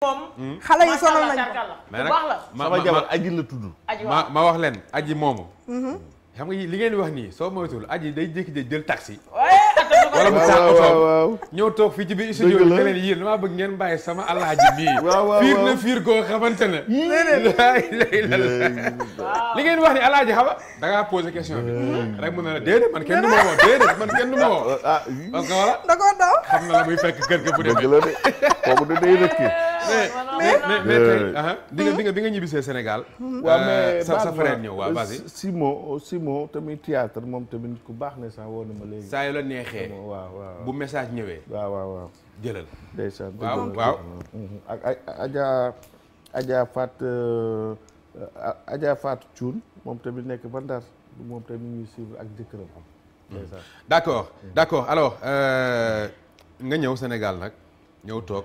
moom hmm? xale yi sonal nañ ko mais nag sama jabar aji la tudd ma ma wax leen aji moomu mhm. xam nga li ngeen wax nii soo moytuwul aji day jékki jël taxi wala mu sàq toog ñëw toog fii ci biir studio bi ne leen yéen damaa bëgg ngeen bàyyi sama alaaji mii fiir na fiir koo xamante ne li ngeen wax ni alaaji xaba da ngaa posé question rek mu ne la déedéet man kenn du ma man kenn du ma woo ah, ah, ah. parce que voilà da koo xam na la muy fekk kër ga bu demee dëgg la de mais mais mais uh-huh. bi nga bi nga ñibbisee Sénégal. Hmm. waaw mais euh, sa sa frère ñëw waaw vas-y. Simon Simon tamit théâtre moom tamit ku baax ne sax woo na ma léegi. saa yu la neexee. waaw waaw bu message ñëwee. waaw waaw waaw. jëlal. ndeysaan waaw waaw. Hmm, ak Adja Adja Fat euh, Adja Fat Thioune moom tamit nekk ba Ndar moom tamit ñuy suivre ak jëkkëram. Hmm. ndeysaan d'accord d'accord alors euh, nga ñëw Sénégal nag ñëw toog.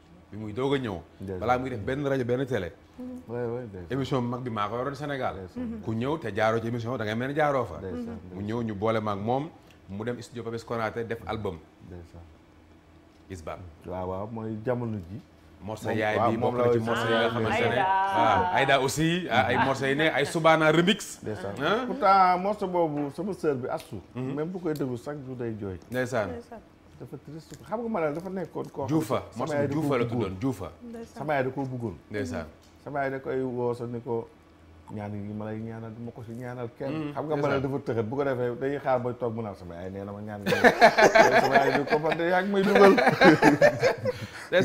bi muy doog a ñëw. balaa muy def benn rajo benn tele émission bi mag bi maa ko yoroon Sénégal. ku ñëw te jaaroo ci émission da ngay mel ne jaaroo fa. mu ñëw ñu boole maag moom mu dem studio Papis Konaté def album. Isbal. waaw waaw mooy jamono ji. morceau yaay bi bokk na ci morceau yi ah, ne ah, ah, ay morceau yi ne ay Subaana remix. ndeysaan pourtant morceau boobu sama sœur bi Astou. Mhm. même bu koy déglu chaque jour day jooy. ndeysaan dafa triste xam nga Malal dafa nekkoon. koo xam sama yaay da koo bëggoon juufa sama yaay da koo bëggoon. ndeysaan sama yaay da koy woosa ni ko ñaan yi ma lay ñaanal du ma ko si ñaanal kenn. Mm, xam nga Malal dafa tëxat bu ko defee dañuy xaar ba toog mu nee na ma ñaan nga sama yaay di ko fan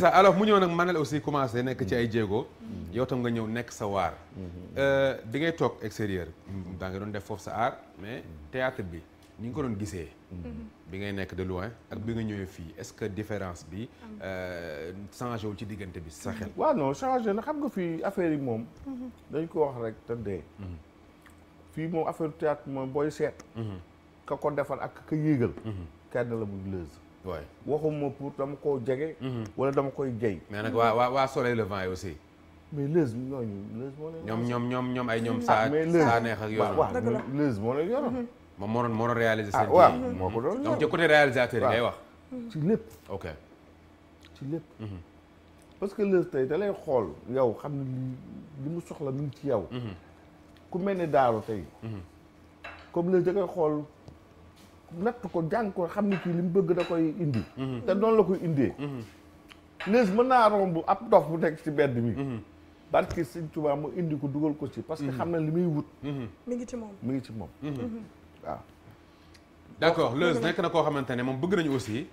alors mu ñëw nag Malal aussi commencé nekk ci ay jéego. Mm-hmm. yow tam nga ñëw nekk sa waar. Mm-hmm. Euh, bi ngay toog extérieur. daa nga doon def foofu sa art mais mm-hmm. théâtre bi. ni nga ko doon gisee. Mhm. bi de loin bi nga est-ce que différence bi euh, changé mhm. non changé xam nga affaire yi mhm. dañ ko wax rek te affaire théâtre ak ka la waxuma pour wala dama koy mais nag waa soleil levant aussi. mais ay neex moom moo doon réalisé ah, seen. waaw mhm. moo ko doon donc ci côté réalisateur yi ngay wax. ci lépp. ok ci lépp. Mhm. parce que léegi tey da lay xool yow xam ne li mu soxla mi ngi ci yow. Mhm. ku mel ne Daaro tey. comme léegi da xool natt ko jàng ko xam ne kii li mu bëgg da koy indi. te noonu la ko indee. léegi mën naa romb ab dof bu nekk ci bedd mi. barke Sëñ Tuubaa mu indi ko dugal ko ci. parce que xam na li muy wut. mi ngi ci mi ngi ci moom. waaw. d' accord Leuz nekk na koo xamante ne moom bëgg nañu aussi.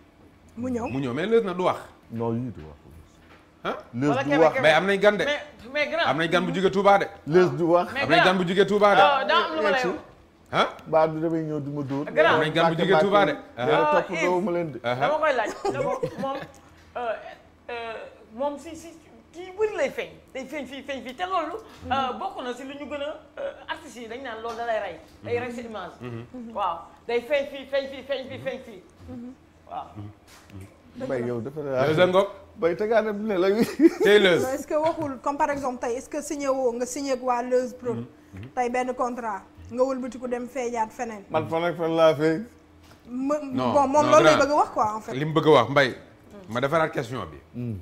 mu ñëw mu ñëw mais Leuz na du wax. non lii du wax. mais am nañ gan de. am nañ gan bu jugee Touba de. Leuz du wax oh, am nañ gan bu jugee Touba de. daa am lu ma lay wax. ah Ba du damay ñëw du ma dóor. am nañ gan bu jugee Touba de. dama topp doo ma leen de. Oh, uh-huh. dama koy laaj moom euh, euh, moom si si. Qui bëri lay feeñ mhm. euh, euh, artistes yi da lay mhm. day image. Mhm. waaw day est-ce que par exemple est-ce que signé ou nga signé ak contrat nga dem ak question mm.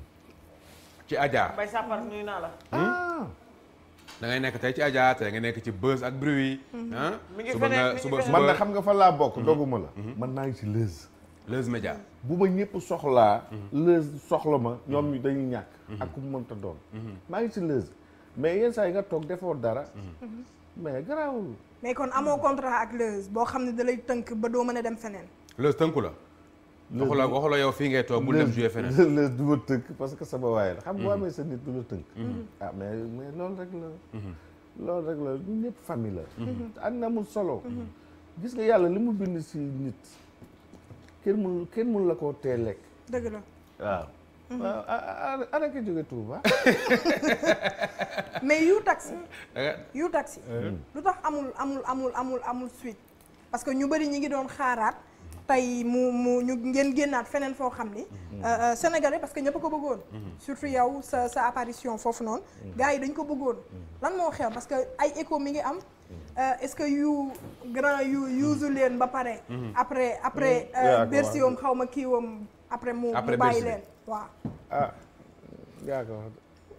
ci Adja. Mbaye Sapar nuyu naa la. Hmm? Ah. da nekk tey ci Adja tey nga nekk ci buzz ak bruit. Mhm. Ah? mi ngi feneen suba suba man na xam nga fan laa bokk mhm. doguma la. Mhm. man naa ngi ci lëz. lëz média. bu ma ñëpp soxlaa. lëz ma ñoom dañuy ñàkk. ak ku mu mënta doon. maa ngi ci lëz mais yenn saa yi nga toog defoo dara. mais garaawul. mais kon amoo contrat ak lëz boo xam ne da tënk ba doo mën a dem feneen. lëz tënku la. waxula waxula yow fii ngay toog bu dem jouer feneen les du ma tënk parce que sama waay la xam boo amee sa nit du la tënk mhm. ah mais mais loolu rek la mhm. loolu rek la ñun famille la mhm. na mu solo gis nga yàlla li mu bind si nit kenn mun kenn mun la koo tee lekk dëgg la waaw waaw ana ki jóge Touba mais yu taxi yu eh? taxi hmm. lu tax amul amul amul amul amul suite parce que ñu bëri ñi ngi doon xaaraat tey mu mu ñu mhm. euh, euh, sénégalais parce que ko bëggoon. Mhm. surtout sa ça apparition mhm. dañ ko bëggoon. lan parce que ay écho am. Euh, est-ce que yu grand yu après après ba après après après. après après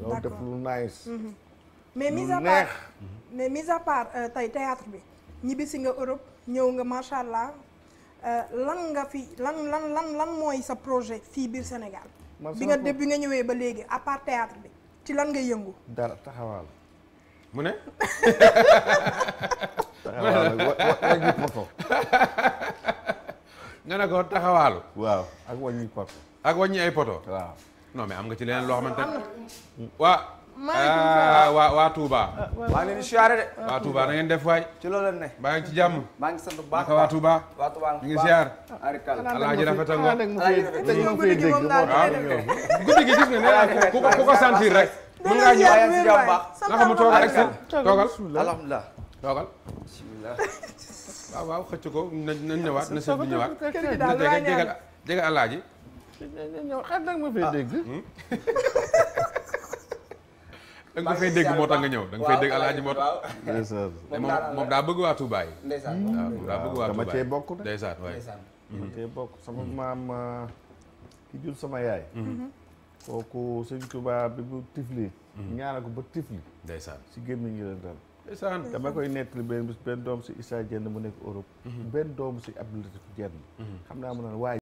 loolu def lu nice mhm. mhm. mais mis à part euh, tey théâtre bi ñibbi si nga Europe ñëw nga macha allah euh, lan nga fi lan lan lan lan mooy sa projet fii biir Sénégal bi nga def bi nga ñëwee ba léegi à part bi ci lan ngay yëngu dara taxawaal mu ne taxawaal wàññi poto nga ne ko taxawaalu waaw ak wàññi poto ak wàññi ay poto waaw non am nga ci leneen loo ah, xamante ne waa. maa ah, ah, waa waa Touba. maa ngi leen di siyaare na ngeen def waay. ci loolu la ne. baa ngi ci jàmm. maa ngi sant bu baax waa Touba. waa Touba ngi siyaar. alaaji rafet nga guddi gi moom naa guddi gi gis nga ne ku ko ku ko sentir rek. mën ngaa ñëw waaye si jàmm baax. naka mu toogal ak seen toogal. alhamdulilah toogal. bismillah. waaw waaw xëcc ko nañ ñëwaat na sëñ bi ñëwaat. na jégal alaaji ñoom xet nag ma fay ah. dégg. Hmm? da nga fay dégg moo tax nga ñëw da nga fay dégg alaaji moo tax. ndeysaan hmm. moom daa bëgg waa dama cee bokk de. ndeysaan waay hmm. dama cee bokk sama maam uh, ki jur sama yaay. Mhm. kooku sëñ Touba bi bu tifli. ñaanal ko ba tifli. si gémmiñ gi leen dal. ndeysaan dama koy nettali benn benn doom si Issa Dieng mu nekk Europe. benn doom si Abdou Latif Dieng. xam naa mu ne waaye.